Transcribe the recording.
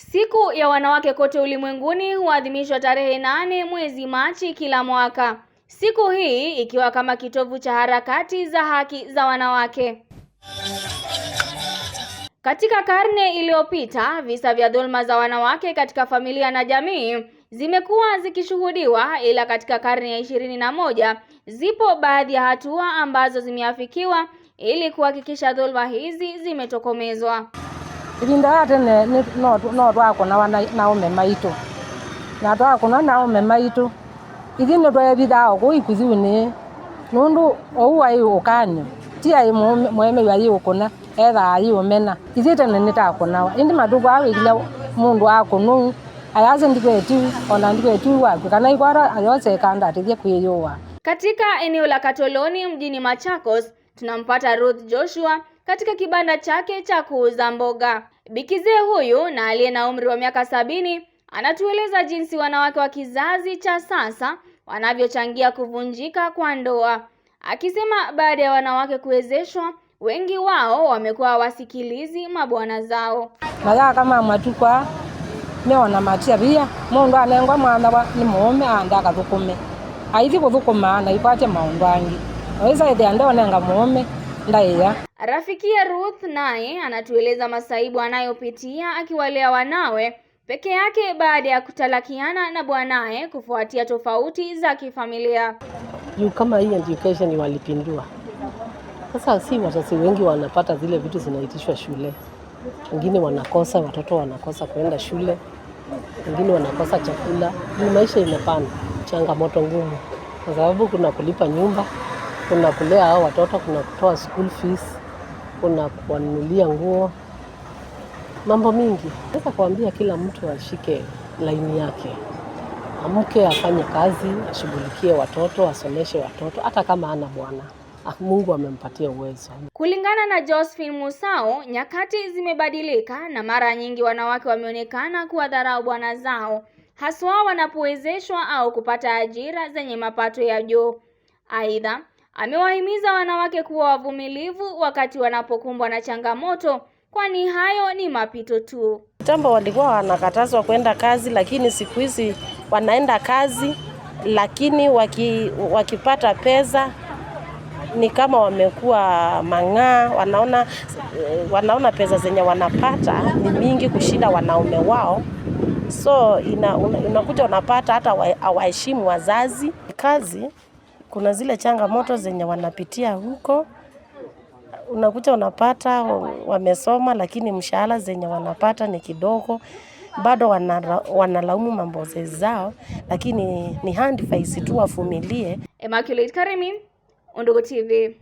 Siku ya wanawake kote ulimwenguni huadhimishwa tarehe nane mwezi Machi kila mwaka. Siku hii ikiwa kama kitovu cha harakati za haki za wanawake. Katika karne iliyopita, visa vya dhulma za wanawake katika familia na jamii zimekuwa zikishuhudiwa, ila katika karne ya ishirini na moja zipo baadhi ya hatua ambazo zimeafikiwa ili kuhakikisha dhulma hizi zimetokomezwa ihinda rĩrĩa ne no twakona na ome maito na kona na ume maitũ ithi nĩ twethithaa kũu ikuthiunĩ nũndũ ou i ũkanyũ ti ai mwemeiwa yi ũkũna ethaa yi ũmena ithi tene nĩtakonawa indi matuku aa wĩkile mũndũ akũnũu ayase tu ona tu wa kana ikwara ayose kanda atithie kwiyũwa katika eneo la Katoloni mjini Machakos tunampata Ruth Joshua katika kibanda chake cha kuuza mboga. Bikizee huyu na aliye na umri wa miaka sabini anatueleza jinsi wanawake wa kizazi cha sasa wanavyochangia kuvunjika kwa ndoa, akisema baada ya wanawake kuwezeshwa, wengi wao wamekuwa wasikilizi mabwana zao nayaa kama matukwa matia via mundu anengwa mwana ni muume andaka thukume aithi kuthukuma na ipate maundu angi awisa ithia ndeonenga muume Ndaiya. Rafikia Ruth naye anatueleza masaibu anayopitia akiwalea wanawe peke yake baada ya kutalakiana na bwanaye kufuatia tofauti za kifamilia. Juu kama hii education walipindua. Sasa si wazazi wengi wanapata zile vitu zinaitishwa shule, wengine wanakosa, watoto wanakosa kuenda shule, wengine wanakosa chakula. Ni maisha imepanda, changamoto ngumu, kwa sababu kuna kulipa nyumba kuna kulea hao watoto, kuna kutoa school fees, kuna kuwanunulia nguo, mambo mingi. Naweza kuambia kila mtu ashike laini yake, amke afanye kazi, ashughulikie watoto, asomeshe watoto, hata kama ana bwana ah, Mungu amempatia uwezo. Kulingana na Josephine Musau, nyakati zimebadilika na mara nyingi wanawake wameonekana kuwadharau bwana zao, haswa wanapowezeshwa au kupata ajira zenye mapato ya juu. Aidha, Amewahimiza wanawake kuwa wavumilivu wakati wanapokumbwa na changamoto, kwani hayo ni mapito tu. tambo walikuwa wanakatazwa kwenda kazi, lakini siku hizi wanaenda kazi, lakini waki, wakipata pesa ni kama wamekuwa mang'aa, wanaona wanaona pesa zenye wanapata ni mingi kushinda wanaume wao, so ina, unakuta unapata hata hawaheshimu wazazi kazi kuna zile changamoto zenye wanapitia huko, unakuja unapata wamesoma, lakini mshahara zenye wanapata ni kidogo, bado wanalaumu mamboze zao, lakini ni handfasi tu wafumilie. Immaculate Karimi, Undugu TV.